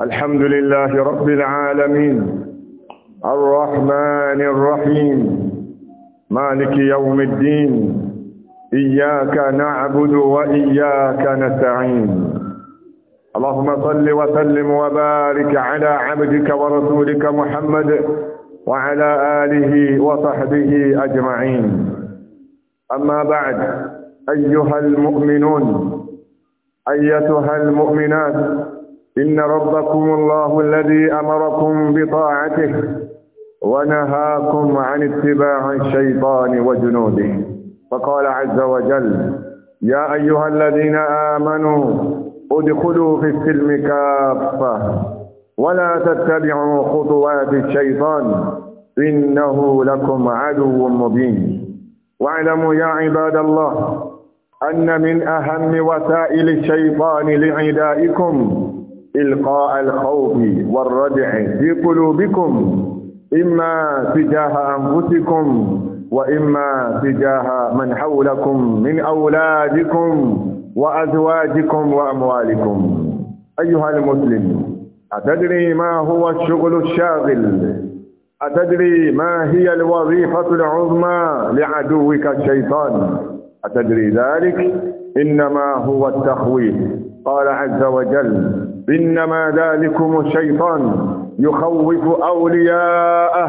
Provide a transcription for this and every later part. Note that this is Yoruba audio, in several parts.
الحمد لله رب العالمين الرحمن الرحيم مالك يوم الدين إياك نعبد وإياك نستعين اللهم صل وسلم وبارك على عبدك ورسولك محمد وعلى آله وصحبه أجمعين أما بعد أيها المؤمنون أيتها المؤمنات إن ربكم الله الذي أمركم بطاعته ونهاكم عن اتباع الشيطان وجنوده فقال عز وجل يا أيها الذين آمنوا ادخلوا في السلم كافة ولا تتبعوا خطوات الشيطان إنه لكم عدو مبين واعلموا يا عباد الله أن من أهم وسائل الشيطان لعدائكم إلقاء الخوف والرجع في قلوبكم إما تجاه أنفسكم وإما تجاه من حولكم من أولادكم وأزواجكم وأموالكم أيها المسلم أتدري ما هو الشغل الشاغل أتدري ما هي الوظيفة العظمى لعدوك الشيطان أتدري ذلك إنما هو التخويف قال عز وجل إنما ذلكم الشيطان يخوف أولياءه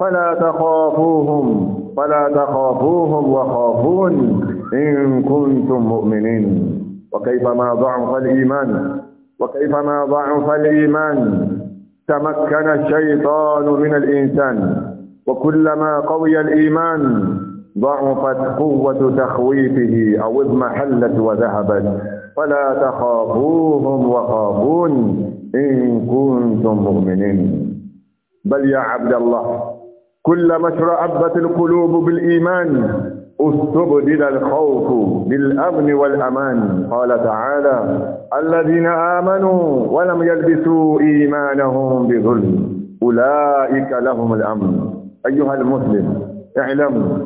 فلا تخافوهم فلا تخافوهم وخافون إن كنتم مؤمنين وكيفما ضعف الإيمان وكيفما ضعف الإيمان تمكن الشيطان من الإنسان وكلما قوي الإيمان ضعفت قوة تخويفه أو اضمحلت وذهبت فلا تخافوهم وخافون إن كنتم مؤمنين بل يا عبد الله كلما اشرأبت القلوب بالإيمان استبدل الخوف بالأمن والأمان قال تعالى الذين آمنوا ولم يلبسوا إيمانهم بظلم أولئك لهم الأمن أيها المسلم اعلم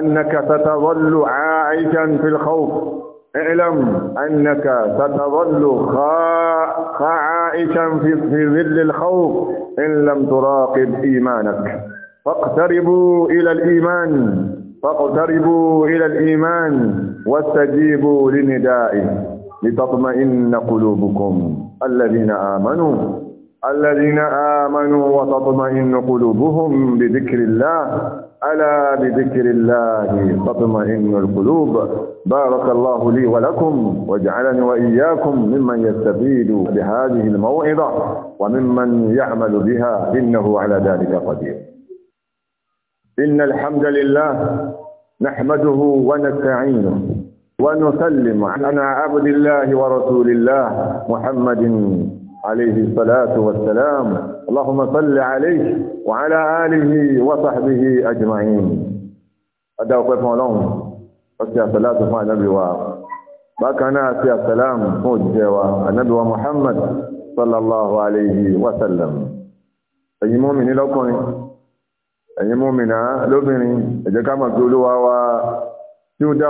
أنك ستظل عائشا في الخوف اعلم أنك ستظل خائشا في ظل الخوف إن لم تراقب إيمانك فاقتربوا إلى الإيمان فاقتربوا إلى الإيمان واستجيبوا لندائه لتطمئن قلوبكم الذين آمنوا الذين آمنوا وتطمئن قلوبهم بذكر الله ألا بذكر الله تطمئن القلوب بارك الله لي ولكم واجعلني وإياكم ممن يستفيد بهذه الموعظة وممن يعمل بها إنه على ذلك قدير إن الحمد لله نحمده ونستعينه ونسلم على عبد الله ورسول الله محمد عليه الصلاة والسلام اللهم صل عليه وعلى آله وصحبه أجمعين أدعو قفوا لهم أسيا صلاة مع النبي بكنا أسيا السلام موجه النبي محمد صلى الله عليه وسلم أي mọ́mìnì lọ́kùnrin ẹ̀yin mọ́mìnà lóbìnrin ẹ jẹ́ ká máa pé olúwa wa tí ó dá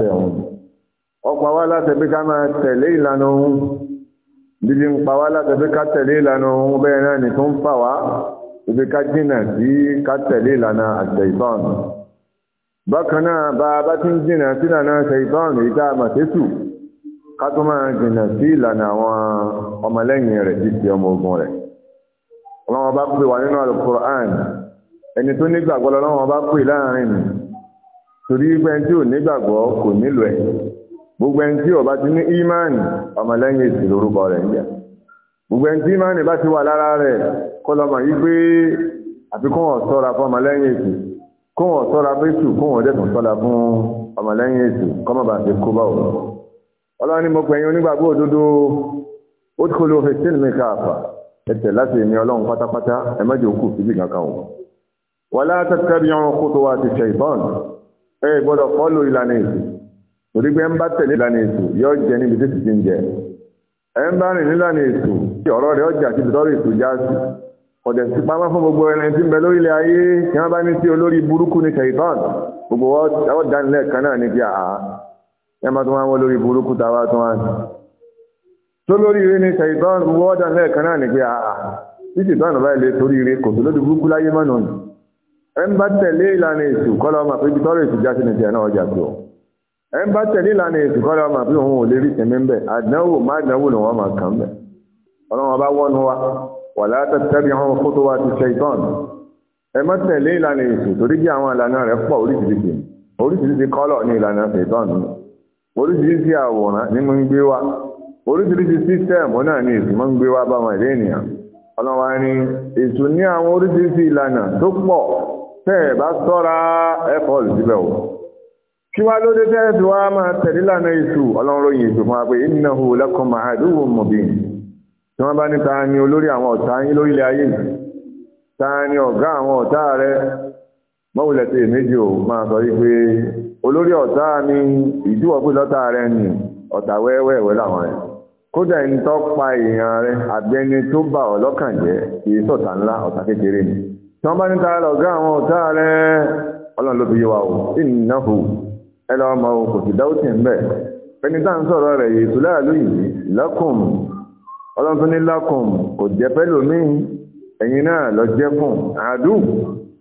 wa ọpa wá láti pé ká máa tẹ̀lé ìlànà ohun dídí ń pa wá láti pé ká tẹ̀lé ìlànà ohun bẹ́ẹ̀ náà ni tó ń fà wá ibi ká jìnà sí ká tẹ̀lé ìlànà àṣẹ ìbọn bákan náà bá a bá ti ń jìnà sí ìlànà àṣẹ ìbọn èyí tá a mà tẹ́sù ká tó máa jìnà sí ìlànà àwọn ọmọlẹ́yìn rẹ̀ títí ọmọ ogun rẹ̀ ọlọ́wọ́n bá pè wá nínú alukur'an ẹni tó nígbàgbọ́ lọ́wọ́n bá pè láàrin torí pé ò nígbàgbọ́ kò nílò ẹ̀ gbogbo ẹni tí ó bá ti ní ìmáànì ọmọlẹ́yìn èsì lórúkọ rẹ̀ ń jẹ́ gbogbo ẹni tí ìmáànì bá ti wà lára rẹ̀ kọlọmọ yìí pé àfikún ọ̀ṣọ́ra fún ọmọlẹ́yìn èsì kún ọ̀ṣọ́ra fésù kún ọ̀dẹ́tùn ṣọ́ra fún ọmọlẹ́yìn èsì kọ́mọ̀bà ti kó bá òun ọlọ́run ni mo pè yín onígbàgbọ́ òdodo ó ti kó ló fi sí mi káàfà ẹsẹ̀ láti èmi ọlọ́run pátápátá ẹ má jẹ́ síbi kankan o wàlá tẹ́tẹ́ bí wọn kó tó wá ti ṣe ìbọn ẹ gbọ́dọ̀ fọ́lù ìlànà èsì torí pé ń bá tẹ̀lé ìlànà ètò yóò jẹ níbi tí sì ti ń jẹ ẹ ń bá rìn nílànà ètò tí ọ̀rọ̀ rẹ̀ ọjà sí ìtọ́rọ̀ ètò já sí ọ̀dẹ̀ sí pamọ́ fún gbogbo ẹni tí ń bẹ lórílẹ̀ ayé kí wọ́n bá ní sí olórí burúkú ní kẹ̀tọ́n gbogbo ọ̀dánilẹ̀ kan náà ní kí àá ẹ máa tún wá wọ́n lórí burúkú tàwa tún wá sí tó lórí ire ní kẹ̀tọ́n gbogbo ọ̀dánilẹ̀ náà ní kí àá títí tó ànàbá ilé torí ire kò tó lórí burúkú láyé mọ́nà ẹ ń bá tẹ̀lé ìlànà ètò kọ́lọ́ ọmọ àpéjì tọ́rọ̀ ètò já sí ní tiẹ̀ náà ọjà tó ẹ bá tẹ̀lé ìlànà ètò ọmọ àbí òun ò lè rí tẹ̀mí ń àdánwò má àdánwò ni wọ́n máa kàn bẹ̀ ọlọ́run wọ́nu wa wà fótó wa ti ṣe ẹ má tẹ̀lé ìlànà ètò torí bí àwọn ìlànà rẹ̀ pọ̀ oríṣiríṣi oríṣiríṣi kọ́lọ̀ ní ìlànà oríṣiríṣi àwòrán ní ń gbé wa oríṣiríṣi kí wá ló dé tẹ́rẹ̀ wá máa tẹ̀lé lànà èṣù ọlọ́run èṣù fún apé innahu lakum aduwwun mubin tí wọ́n bá ní ta ni olórí àwọn ọ̀tá yín lórílẹ̀ ayé ta ni ọ̀gá sọ olórí ọ̀tá ni pé lọ́tà rẹ ni wẹ́wẹ́wẹ́ làwọn rẹ kódà èèyàn rẹ tó bà ọ́ lọ́kàn jẹ́ kì í sọ̀tà ńlá ní àwọn ẹlọ ọmọ òkò ti dáútì ń bẹ̀. pẹni tá ń sọ̀rọ̀ rẹ̀ yìí tó láàlú yìí lọ́kùn ní lọ́kùn kò jẹ́ pẹ́lú mí ẹ̀yin náà lọ jẹ́ fún àádùn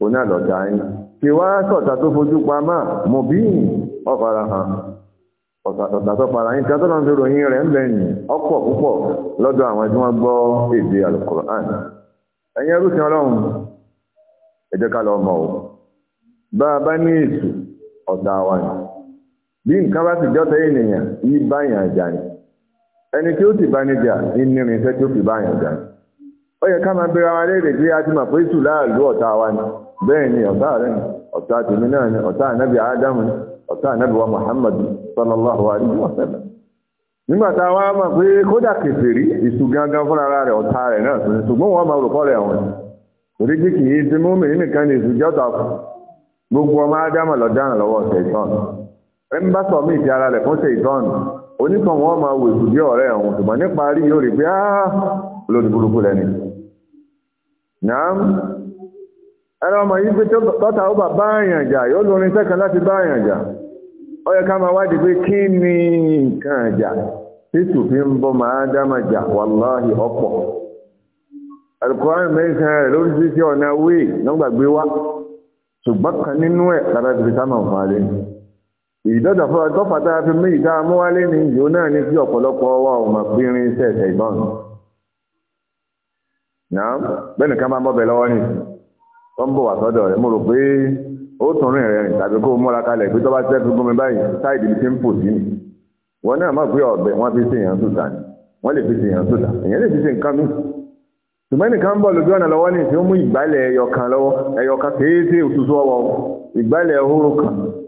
òun náà lọ́ta yín. kí wá sọ̀tà tó fojú pa máa mọ̀ bí ọ̀fara hàn ọ̀tà tó fara yín tó lọ́n rẹ̀ ń ọ̀pọ̀ púpọ̀ lọ́dọ̀ àwọn tí wọ́n gbọ́ èdè bí nǹkan bá ti jọ́tọ̀ ènìyàn yí báyàn jà ní ẹni tí ó ti bá ní jà irinṣẹ́ tí ó fi báyàn jà ní ó yẹ ká máa bẹ̀rẹ̀ àwọn aléèrè pé a ti mọ̀ pé sù láàlú ọ̀tá wa ni bẹ́ẹ̀ ni ọ̀tá rẹ̀ ni ọ̀tá tèmi náà ni ọ̀tá ànábì ádámù ni wa muhammadu sallallahu alayhi wa sallam nígbà tá a wá mọ̀ pé kódà ìṣù gangan fúnra rẹ̀ ọ̀tá rẹ̀ náà ṣùgbọ́n máa rẹ̀ wọn torí kí kì í ti ẹni bá sọ mí ìdí ara rẹ̀ fún ṣe ìtọ́nù oníkan wọn máa wò ìtù bí ọ̀rẹ́ ẹ̀hún ṣùgbọ́n nípa rí yóò rí pé áá ah, lórí burúkú lẹ́ni. nàám ọmọ yìí pé tọ́ta ó bà bá àyàn jà yóò lórin sẹ́kàn láti bá àyàn jà ó yẹ ká máa wádìí pé kí ni nǹkan àjà tí tòfin ń bọ́ máa dáma jà wàláhì ọ̀pọ̀ alukóhánì mẹ́sàn rẹ̀ lórí sísí ọ̀nà wíì nígbàgbé wá ṣùgbọ́n kan nínú ẹ̀ lára ti fi sáà fún alẹ́ nìyí ìdọ́dọ̀ fún ọjọ́ fàtà fi mú ìdá amúwálé ní ìlú náà ní kí ọ̀pọ̀lọpọ̀ wa ò mọ̀ pé irin iṣẹ́ ẹ̀sẹ̀ ìbọn náà bẹ́ẹ̀ nìkan máa ń bọ́bẹ̀ lọ́wọ́ nì tó ń bọ̀ wá sọ́dọ̀ rẹ̀ mo rò pé ó tún rìn rẹ̀ rìn tàbí kó múra kalẹ̀ pé tó bá tẹ́ fi gómi báyìí sáìdì ti ń pò sí ni wọn náà mọ̀ pé ọ̀bẹ wọn fi ṣe èèyàn sùtà wọn lè fi ṣe èèyàn sùtà èèyàn lè fi ṣe nǹkan nìkan ń bọ̀ lójú ọ̀nà lọ́wọ́ ní ìṣe ó mú ìgbálẹ̀ ẹyọkan lọ́wọ́ ẹyọkan kéétèé òtútù ọwọ́ ìgbálẹ̀ ehoro kan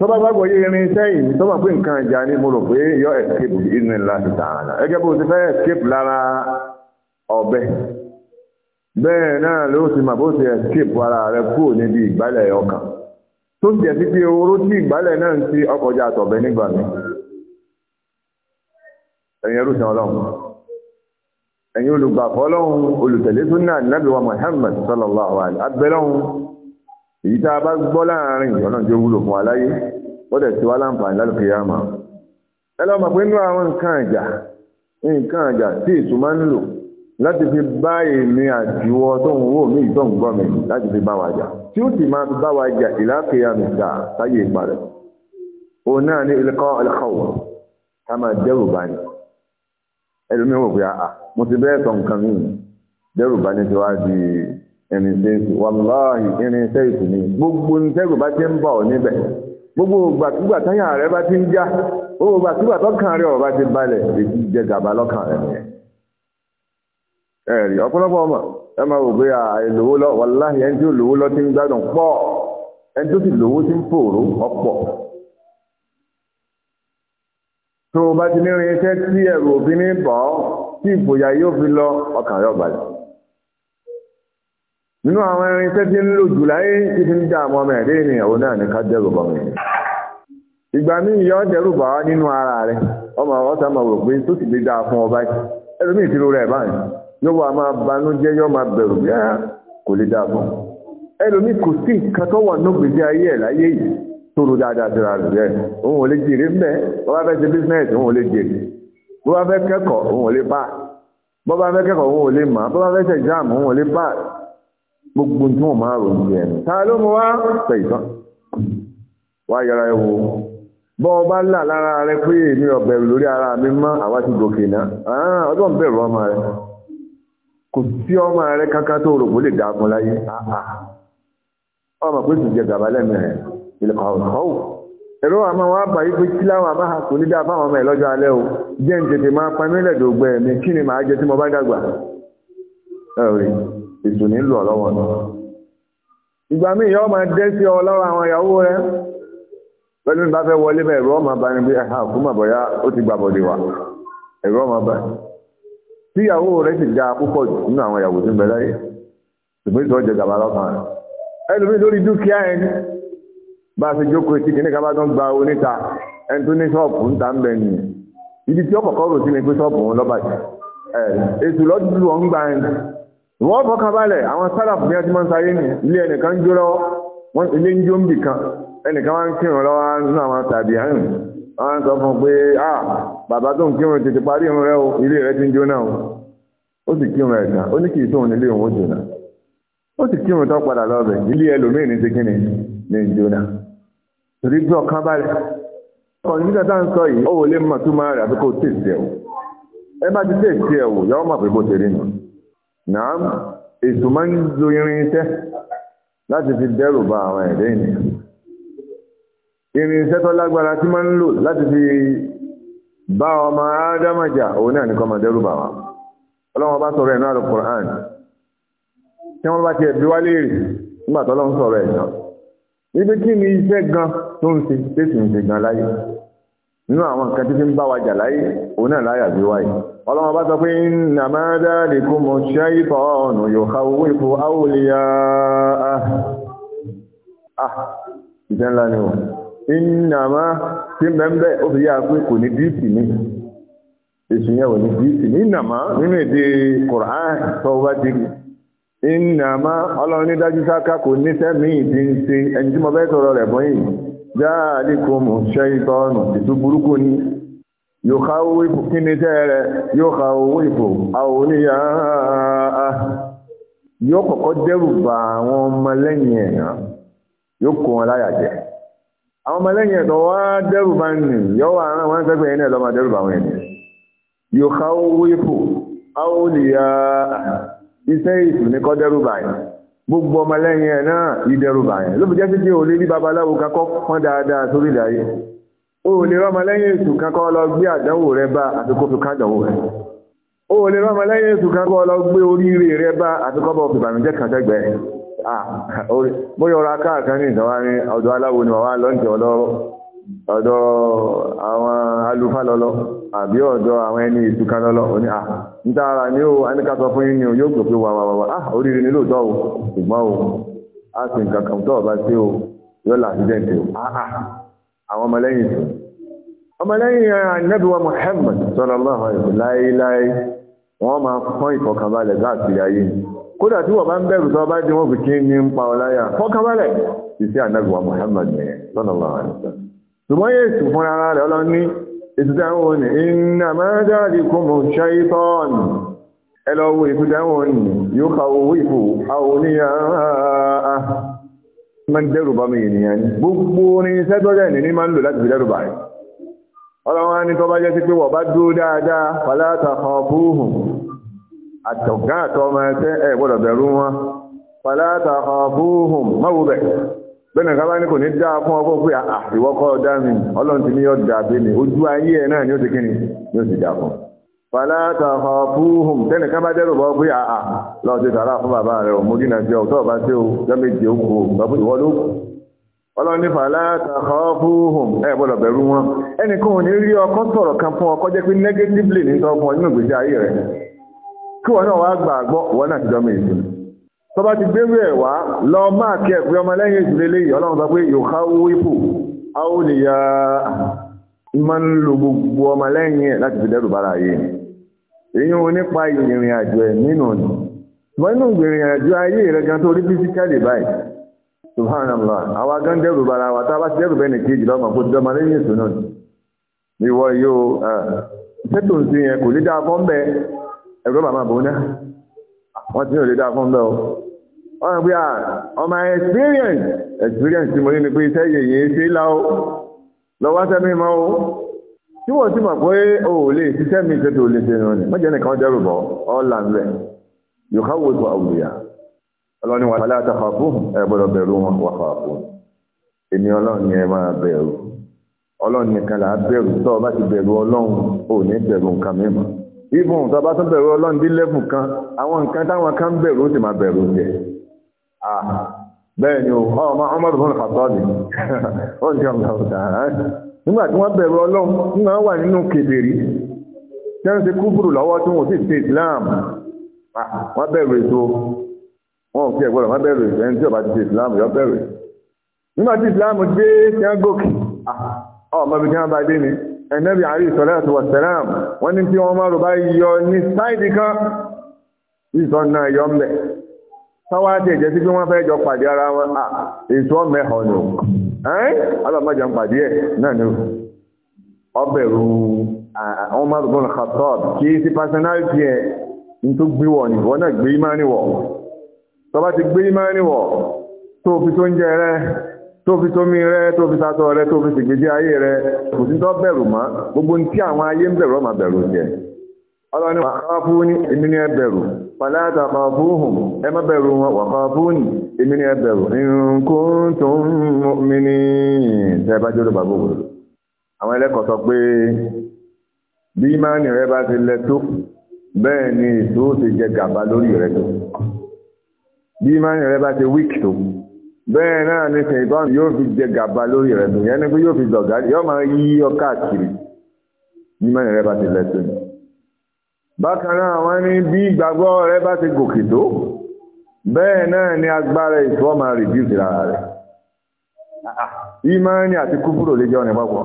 tó bá gbàgbọ́ yé irin sẹ́yìn tó bá pé nǹkan ìjà ni mo rò pé yọ escape inú ńlá ti tààrà gẹ́gẹ́ bó ti fẹ́ escape lára ọ̀bẹ bẹ́ẹ̀ náà ló ti mà bó ti escape ara rẹ kúrò níbi ìgbálẹ̀ ọkàn tó ti jẹ́ sí pé oró tí ìgbálẹ̀ náà ń ti ọkọjà àtọ̀bẹ nígbà mi ẹ̀yin ẹrú sàn ọlọ́run ẹ̀yin olùgbàfọ́ ọlọ́run olùtẹ̀lé súnà nàbí wa Muhammad sallallahu alaihi abẹ́lọ́run èyí tá a bá gbọ́ láàrin ọlọ́run tó wúlò fún aláyé lọ́dẹ̀ tí wá láǹfààní lálùkì yàmà ẹlọ́mà pé nínú àwọn nǹkan àjà nǹkan àjà tí èso máa ń lò láti fi bá èmi àtiwọ́ tó ń wò mí ìtọ́ ń gbọ́ mi láti fi bá wa jà tí ó sì máa fi bá wa jà ìlàkè yàmì sà sáyé ìparẹ́ òun náà ní ilẹ̀kọ́ ẹlẹ́kọ̀wọ̀ ká máa dẹ́rù bá ní ẹlòmí wò pé àà mo ti bẹ́ẹ̀ sọ nǹkan mí dẹ́rù bá ní ti wá di wàláhì irinṣẹ́ ìsù ni gbogbo irinṣẹ́ ìsù bá ti ń bọ̀ níbẹ̀ gbogbo ògbàkúgbà táyà rẹ bá ti ń já gbogbo ògbàkúgbà tọ́kàn rẹ ọ̀bá ti balẹ̀ èyí jẹ gàba lọ́kàn rẹ nìyẹn ẹ̀rí ọ̀pọ̀lọpọ̀ ọmọ ẹ máa wò pé àìlówó lọ wàláhì ẹni tí ó lówó lọ ti ń gbádùn pọ̀ ẹni tó sì lówó ti ń pòrò ọ̀pọ̀ tó o bá ti ní irinṣẹ́ tí ẹ̀rù òfin ní bọ̀ tí ìfòyà yóò fi lọ ọkàn rẹ ọ̀bàlẹ̀ nínú àwọn irinṣẹ́ tí ń lò jù láyé tí fi ń dá àwọn ọmọ ẹ̀dẹ́ ènìyàn òun náà ní ká dẹ́rù bọ̀ mí ìgbà míì yọ dẹ́rù bà wá nínú ara rẹ̀ ọmọ ọ̀sà máa wò pé tó sì lè dáa fún ọba yìí ẹlòmíì ti ro rẹ̀ báyìí yóò wá máa banújẹ́ yóò máa bẹ̀rù bí ẹ́ ah, kò lè dáa fún ẹlòmíì kò sí nǹkan tó wà ní ògbésí ayé ẹ̀ láyé yìí tó ro dáadáa síra rẹ̀ bẹ́ẹ̀ òun ò lè jèrè ń bẹ́ bó ṣe bísínẹ́sì òun ò lè jèrè bó bá fẹ́ òun ò lè bá bó bá fẹ́ òun ò lè mọ̀ bó bá ṣe exam òun ò lè bá gbogbo tí wọ́n máa rò ní ẹ̀rù ta ló mú wá pẹ̀ ìtàn wá yára ẹ wo bọ́ ọba ńlá lára rẹ pé èmi ọ̀bẹ̀rù lórí ara mi mọ́ àwa ti gòkè náà ah, ọjọ́ ń bẹ̀rù ọmọ rẹ kò sí ọmọ rẹ kankan tó rò lè dáa fún láyé ah, ah. ọmọ pé sì jẹ gàba ìlẹ̀kọ̀ ọ̀hún ẹ̀rọ àmọ́ bá yí pé kí láwọn àbáhà kò ní ọmọ ẹ̀ o jẹ́ ń tètè máa pa mílẹ̀ dògbẹ́ mi kí ni ètò nílò ọlọ́wọ́ ni ìgbà míì yọ́ máa dẹ́ sí ọ lọ́wọ́ àwọn ìyàwó rẹ pẹ̀lú bá fẹ́ wọlé bẹ́ẹ̀ ẹ̀rọ ọmọ bá ní bí ẹ̀ha òkú mà bọ̀yá ó ti gbàbọ̀dé wa ẹ̀rọ ọmọ bá tí ìyàwó rẹ sì dáa púpọ̀ jù nínú àwọn ìyàwó tí ń bẹ láyé ṣùgbọ́n ìtọ́ jẹ gàba lọ́kàn rẹ ẹlòmíì lórí dúkìá ẹni bá a ṣe jókòó etí kìíní ká bá tán gba oníta ẹni tó ní ṣọ́ọ̀bù ń ta ń bẹ nìyẹn ibi tí ọkọ̀ọ̀kọ̀ rò sí ni pé ṣọ́ọ̀bù òun lọ́bàjẹ́ ẹ̀ ètò lọ́dún lọ́ngbà ẹni ìwọ́n fọkàn balẹ̀ àwọn sálàfù ní ọdún mọ́ta yé ní ilé ẹnìkan jó lọ́wọ́ wọ́n ilé ń jó ń bì kan ẹnìkan wá ń kírun lọ́wọ́ nínú àwọn tàbí àrùn wọ́n sọ fún pé à bàbá tó ń kírun tètè parí irun rẹ o ilé rẹ ti ń jó náà ó sì kírun ẹ̀ tán ó ní kì tóun nílé òun ó jò náà ó sì kírun tó padà lọ́bẹ̀ ilé ẹlòmíì ti kí ni ní ń jó náà torí gbé ọkàn balẹ̀ ọkọ̀ nígbà tá à ń sọ yìí ó wọlé mọ̀ tó náà ètò máa ń lo irinṣẹ́ láti fi dẹ́rù bá àwọn ẹ̀dẹ́ ènìyàn irinṣẹ́ tó lágbára tí máa ń lò láti fi bá ọmọ ádámàjà òun náà nìkan máa dẹ́rù bá wa ọlọ́wọ́n bá sọ̀rọ̀ ẹ̀nà Al-Qur'an tí wọ́n bá ti ẹ̀bí wá léèrè nígbà tó lọ́n sọ̀rọ̀ ẹ̀nà níbi kí ni iṣẹ́ gan tó ń ṣe tẹ̀sí ń ṣe gan láyé nínú àwọn nǹkan tí fi ń bá wa jà láyé òun náà láyà bí wáyé ọlọ́wọ́ bá sọ pé nà máa dáadé kú mọ̀ ṣe ìtọ̀ ọ̀nà yóò ha owó ìfò áwòlìyà ìjẹ́nlá ni wọ́n iná máa tí mẹ́mbẹ́ ó fi yá pé kò ní díìtì ní èsù yẹn ò ní díìtì ní iná máa nínú èdè Kùránì tó bá ti yòkàwífò kí ni tẹ́ rẹ̀ yòkàwífò àwòníyà yóò kọ́kọ́ dẹ́rù bá àwọn ọmọlẹ́yìn ẹ̀nà yóò kó wọn láyà jẹ àwọn ọmọlẹ́yìn ẹ̀tọ́ wá dẹ́rù bá nì yóò wà rán wọn sẹ́gbẹ̀ẹ́ ẹ̀nà lọ́mọ dẹ́rù wọn ẹ̀nà yòkàwífò àwòníyà iṣẹ́ o lè rọ́mọ lẹ́yìn ètù kankan lọ gbé àdánwò rẹ bá àfikún fi kádánwò rẹ o lè rọ́mọ lẹ́yìn ètù kankan lọ gbé oríire rẹ bá àfikún bọ̀ fìbàmìjẹ́ kan sẹ́gbẹ́ bóyá ní ìtàn ọ̀dọ̀ aláwo ni wàá ọ̀dọ̀ àwọn lọ́lọ́ àbí ọ̀dọ̀ àwọn ẹni ètù kan lọ́lọ́ òní à ń tààrà ní o fún yín ni o yóò wà àwọn ọmọlẹ́yìn rẹ̀ ọmọlẹ́yìn eh, Ànábì wa Muhammad sallallahu alaihi wasallam láéláé wọ́n máa fọ́n ìfọ̀kànbalẹ̀ káàkiri ayé kódà tí wọ́n bá ń bẹ̀rù tó bá dín wọ́n fi kí ní ń pa ọláyà fọ́kànbalẹ̀ ìsí Ànábì wa Muhammad sallallahu alaihi wasallam ṣùgbọ́n Jésù máa ń dẹ́rù bá mi ènìyàn ni gbogbo orin iṣẹ́ tó jẹ́ ìní máa ń lò láti fi dẹ́rù bá rẹ̀ ọlọ́wọ́n ní tó bá jẹ́ sí pé wọ́n bá dúró dáadáa fàlátà búhùn àtọ̀gá àtọ́ ọmọ ẹsẹ́ ẹ̀ gbọ́dọ̀ bẹ̀rù wọn búhùn bẹ̀ bẹ́ẹ̀ ká bá ní kò ní dáa fún ọkọ̀ pé àìwọ́kọ̀ ah, dá mi ọlọ́run ti ní ojú ayé ẹ̀ náà ni ó ti ni ó ti dà fún un fàlátà ọ̀fúhùn tẹ́nì ká bá dẹ́rù bọ́ pé àà ah, ah, lọ sí tààrà fún bàbá rẹ̀ ò mójú náà jẹ́ ò tọ́ọ̀bá tí ó jẹ́méjì ó kú bàbá ìwọ́ ló kù ọlọ́ni fàlátà ọ̀fúhùn ẹ̀ gbọ́dọ̀ bẹ̀rù wọn ẹnìkan ò ní rí ọkọ sọ̀rọ̀ kan fún ọkọ jẹ́ pé negatively ní sọ fún ọ nínú ìgbésí ayé rẹ̀ kí wọn náà wá gbà gbọ́ wọn náà ti jọ mi ìsìn tọ́ba ti gbérú ẹ̀ wá lọ máa kí ẹ̀ pé ọmọ lẹ́yìn ìsìn lélẹ́yìí ọlọ́run sọ pé yòókà wípù áwòlìyà máa ń lo gbogbo ọmọ lẹ́yìn ẹ̀ láti fi dẹ́rù bára yìí èyí wọn nípa ìrìn àjò ẹ̀ nínú ọ̀nà wọ́n nínú ìrìn àjò ayé rẹ̀ gan tó rí físíkàlì báyìí subhanallah àwa gan dẹ́rù bara wa tá a bá ti dẹ́rù bẹ́ẹ̀ nìkejì lọ́mọ kó ti dọ́mọ lẹ́yìn ètò náà ìwọ yóò ṣètò ń sin yẹn kò lè dáa fọ́n bẹ́ẹ̀ ẹ̀rọ màmá bò ná wọ́n ti ní òlè dáa fọ́n bẹ́ẹ̀ o wọ́n rẹ̀ pé à ọmọ experience experience tí mo ní ni pé iṣẹ́ yẹ̀yẹ́ ṣe é lá o lọ́wọ́ sẹ́mi mọ́ o tí wọ́n ti mọ̀ pé o ò lè ṣiṣẹ́ mi ṣe tó lè ṣe ìrìn mọ́jẹ́ nìkan dẹ́rù bọ̀ ọ́là ń bẹ̀ yóò ká wo tó àwùyá ọlọ́ni wà láti àtàkà fún ẹ gbọ́dọ̀ bẹ̀rù wọn wà fà fún èmi ọlọ́run ni ẹ máa bẹ̀rù ọlọ́run nìkan là á bẹ̀rù tó bá ti bẹ̀rù ọlọ́run ò ní bẹ̀rù nǹkan mìíràn ibùn tó bá tún bẹ̀rù ọlọ́run dé lẹ́bùn kan àwọn nǹkan táwọn kan bẹ̀rù ó sì máa bẹ̀rù jẹ bẹ́ẹ̀ ni ọmọ ọmọ ọmọ ọmọ ọmọ ọmọ ọmọ ọmọ ọmọ nígbà tí wọ́n bẹ̀rù ọlọ́run nígbà wọ́n wà nínú kèbèrè jẹ́rìn sí kúfùrù lọ́wọ́ tí wọ́n sì ṣe islam ah, wọ́n bẹ̀rù èso wọn ò fi ẹ̀gbọ́n wọn bẹ̀rù èso ẹni tí ọba ti ṣe islam yọ bẹ̀rù nígbà tí islam dé tí wọ́n gòkè ah, ọmọ ibi tí wọ́n bá dé ni ẹ̀nẹ́bí àrí ìsọ̀lẹ́ àti wọ̀sẹ̀lám wọ́n ní tí wọ́n máa rọ̀bá yọ ní sáìdì kan ìsọ̀ náà yọ ń bẹ̀ tọ́wọ́ àti ẹ̀jẹ̀ sí pé wọ́n fẹ́ jọ pàdé ara wọn ah, èso ọmọ ẹ̀họ́ ni ẹ́n alábàjá ń pàdé ẹ̀ náà ni ọbẹ̀rù àwọn márùn-ún khattab kí sí personality ẹ̀ ní tó gbé wọ̀ ní wọ́n náà gbé imáni wọ̀ tó bá ti gbé imáni wọ̀ tó fi tó ń jẹ rẹ tó fi tó mi rẹ tó fi sátọ rẹ tó fi sìgbèjì ayé rẹ kò sí tó bẹ̀rù mọ́ gbogbo ní tí àwọn ayé ń bẹ̀rù ọmọ bẹ̀rù jẹ ọlọ́ni wàkọ́fúnni èmi ni ẹbẹ̀rù pàlátà kọfúhùn ẹ má bẹ̀rù wọn wàkọ́fúnni èmi ni ẹbẹ̀rù nǹkan tó ń mi ní ìtẹ́bá jọ́lọ́ bàbá òwúrọ̀ àwọn ẹlẹ́kọ̀ọ́ sọ pé bí ìmánì rẹ bá ti lẹ bẹ́ẹ̀ náà ni ṣèǹtọ́n yóò fi jẹ gàba lórí rẹ tó yẹn ni pé yóò fi dọ̀gá yóò máa yí ọ káàkiri bí ìmánì rẹ bá ti lẹ tó bákanáà wọ́n ní bí ìgbàgbọ́ rẹ bá ti gòkè tó bẹ́ẹ̀ náà ni agbára ìtọ́ máa rìdíùsì lára rẹ̀ ìmáàní àti kúfúrò lè jẹ́ ọ̀nà ìpapọ̀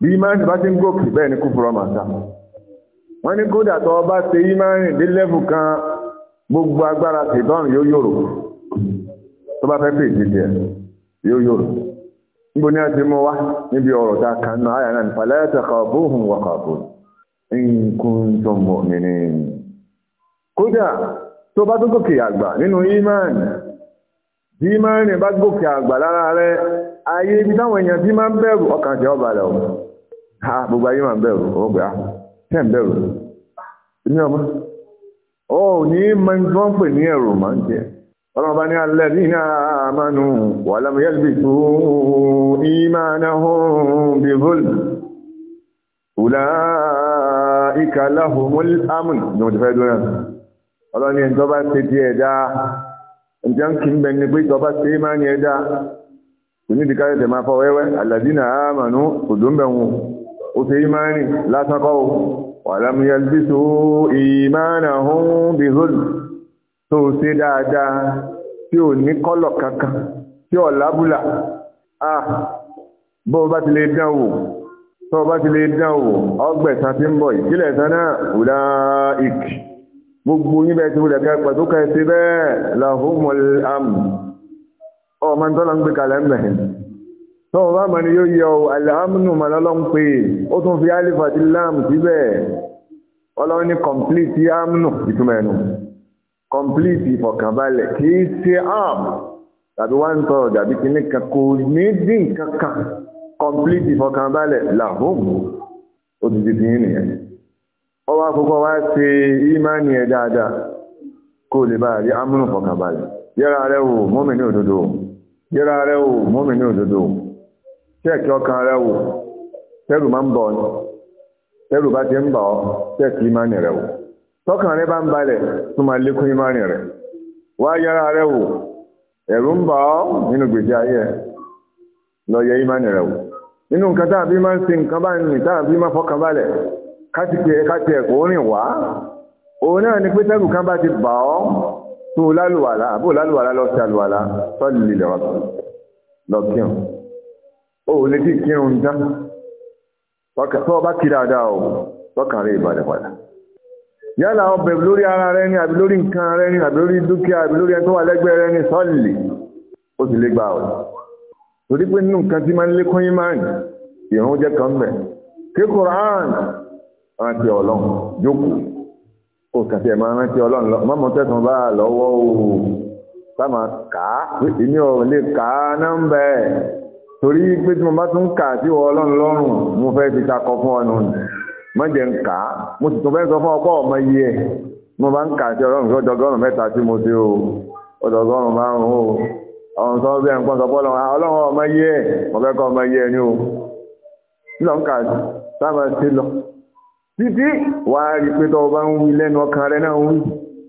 bí ìmáàní bá ti ń gòkè bẹ́ẹ̀ ni kúfúrò máa sá wọ́n ní kódà tó bá ṣe ìmáàní dé lẹ́fù kan gbogbo agbára ṣètọ́n yóò yòrò tó bá fẹ́ pè jìjẹ yóò yòrò níbo ni a ti mú wá níbi ọ̀rọ̀ tá kan náà àyà náà nípa lẹ́yà tẹ̀kọ̀ bóhùn nǹkan mọ̀mìnì kódà tó bá tó gòkè àgbà nínú ìmáànì bí ìmáànì bá gòkè àgbà lára rẹ ayé ibi táwọn èèyàn tí máa ń bẹ̀rù ọkàn jẹ́ ọba rẹ̀ ọ̀hún ha gbogbo ayé máa ń bẹ̀rù ọ̀hún pé tẹ́ ń bẹ̀rù ní ọmọ ọ ní máa ń tó ń pè ní ẹ̀rù máa ń jẹ ọlọ́run bá ní alẹ́ ní iná àmánú wàlámù yẹ́lbì tó ìmáànà hùn bí bọ́ọ̀lù Ulaika lahumul amn ní wọ́n ti fẹ́ dúró náà. Ọlọ́ni ẹni tó bá ṣe ti ẹ̀dá, ǹjẹ́ ń kí ń bẹ ní pé tó bá ṣe máa ń ẹ̀dá. Òní ìdíkà ẹ̀dẹ̀ máa fọ wẹ́wẹ́, alladhina amanu òdó ń bẹ̀ wọn. Ó ṣe ìmánì lásán kọ́ walam yalbisu imanahum bihul tó ṣe dáadáa tí ò ní kọ́lọ̀ kankan tí ò lábùlà. Ah, bó o ti lè dán wò, tó bá ti lè dánwò ọgbẹ̀sán tí ń bọ̀ ìkílẹ̀ sánà ọ̀dá ik gbogbo yíbẹ̀ tí ó lẹ̀kẹ́ pẹ̀tó kẹ́ sí bẹ́ẹ̀ lahumul amn ọmọ tó lọ ń gbé kalẹ̀ mẹ́ tó bá mọ̀ ni yóò yọ alhamdu malọ́lọ́n lam síbẹ̀ ọlọ́run ní complete amnu ìtumọ̀ ẹnu complete ìfọ̀kànbalẹ̀ kì í ṣe am tàbí wá ń tọrọ complete ìfọkànbalẹ̀ làhóòmù òdìdì nìyẹn ọwọ́ akókò wá ṣe imani ẹ dáadáa kó lè bá rí amúnù fọkànbalẹ̀ yẹ́ra rẹ̀ wò ní òdòdó. yẹ́ra rẹ̀ wò ní òdòdó. tẹ́ẹ̀kì ọkàn rẹ̀ wò tẹ́rù máa ń bọ̀ tẹ́rù bá ti ń tẹ́ẹ̀kì wò bá ń balẹ̀ tó máa lékún wá lọ yẹ ìmánì rẹ̀ wò nínú nǹkan táàbí máa ń ṣe nǹkan bá nì táàbí máa fọkàn balẹ̀ káàkiri káàkiri ẹ̀kọ́ rìn wá òun náà ni pé tẹ́rù kan bá ti bà ọ́ tó lálùwàlá àbò lálùwàlá lọ sí àlùwàlá sọ́ọ̀lì lílẹ̀ wà lọ kírun ó lè ti kírun dá torí pé nínú nǹkan tí máa ń lékún yín máa ń ìrún jẹ́ kan bẹ̀ kí Quran rántí ọlọ́run jókòó kò kàtí ẹ̀ máa rántí ọlọ́run lọ mọ́mọ́ tẹ̀sán bá lọ́wọ́ o sáma kà á èmi ò lè kà á nọ́mbà ẹ̀ torí pé tí mo bá tún kà sí ọlọ́run lọ́rùn mo fẹ́ fi sakọ fún ọ nù mọ́ jẹ́ ń kà á mo sì tún fẹ́ sọ fún ọ̀pọ̀ ọmọ yìí ẹ̀ mo bá ń kà sí ọlọ́run lọ́dọ̀gọ́rùn mẹ́ta tí mo dé o ọ̀dọ̀gọ́rùn márùn-ún o. ọ̀run sọ ah, a, nǹkan sọpọ́ lọ́wọ́ ọmọ yẹ ẹ̀ ọ̀fẹ́ ọmọ yẹ ẹ̀ ní o lọ́nkà sábà lọ títí wà rí pé tọ́ bá ń wí lẹ́nu rẹ náà wí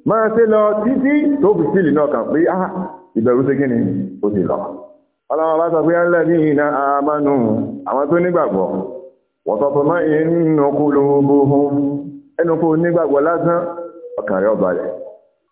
máa ṣe lọ títí tó fi sílì náà kàn pé áhà ah, ìbẹ̀rù ṣe kíni ó lọ bá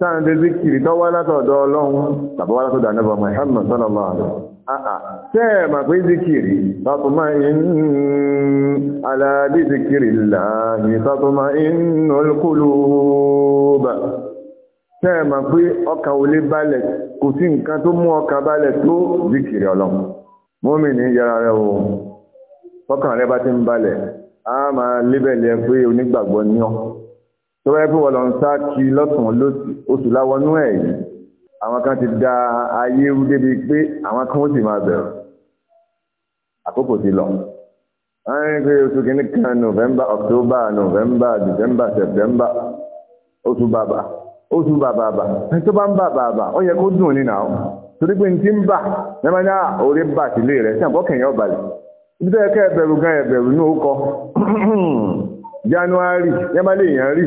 táà ń dé zikiri tó wá látọ̀dọ̀ ọlọ́run tàbí wá látọ̀dọ̀ ànábì Muhammad sallallahu alaihi wasallam àà tẹ́ ẹ̀ mà pé zikiri tọ́tùmá inú ala bi zikrillahi tọ́tùmá inú al-qulub tẹ́ ẹ̀ mà pé ọkàn ò lè balẹ̀ kò sí nǹkan tó mú ọkàn balẹ̀ tó zikiri ọlọ́run mùmínì yára tó bá yẹ pé wọ́n lọ ń sá kí lọ́sùn oṣù láwọnú ẹ̀ yìí àwọn kan ti da ayé rú débi pé àwọn kan ó sì máa bẹ̀rù àkókò ti lọ wọ́n pé oṣù kìíní kan november october november december september oṣù bàbà oṣù bàbàbà tó bá ń bàbàbà ó yẹ kó dùn nínú àwọn torí pé ní ti ń bà lẹ́mọ́ ní àórí ah, bà sílé rẹ̀ sí àpọ̀ kẹ̀yìn ọ̀bàlẹ̀ ibi tó yẹ kẹ́ ẹ̀bẹ̀rù gan january lè yàn rí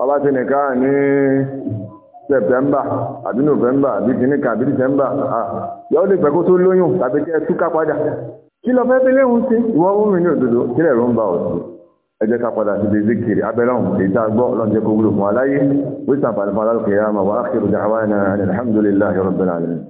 ọba ti nìkan ní september àbí november àbí kìíní kan àbí december yóò lè pẹ́ kó tó lóyún tàbí kẹ́ ẹ túká padà kí lọ fẹ́ fi léhun sí ìwọ orin ní òdodo kí lẹ̀ ló ń ba ọ̀sùn ẹ jẹ́ ká padà sí bèbè kiri abẹ́lọ́hùn èyí tá a gbọ́ ọlọ́njẹ́ kó wúlò fún aláyé wíṣàn fàlẹ́fà lálùkè yá máa wà á kérò jà wáyé náà alhamdulillahi rabbil alamin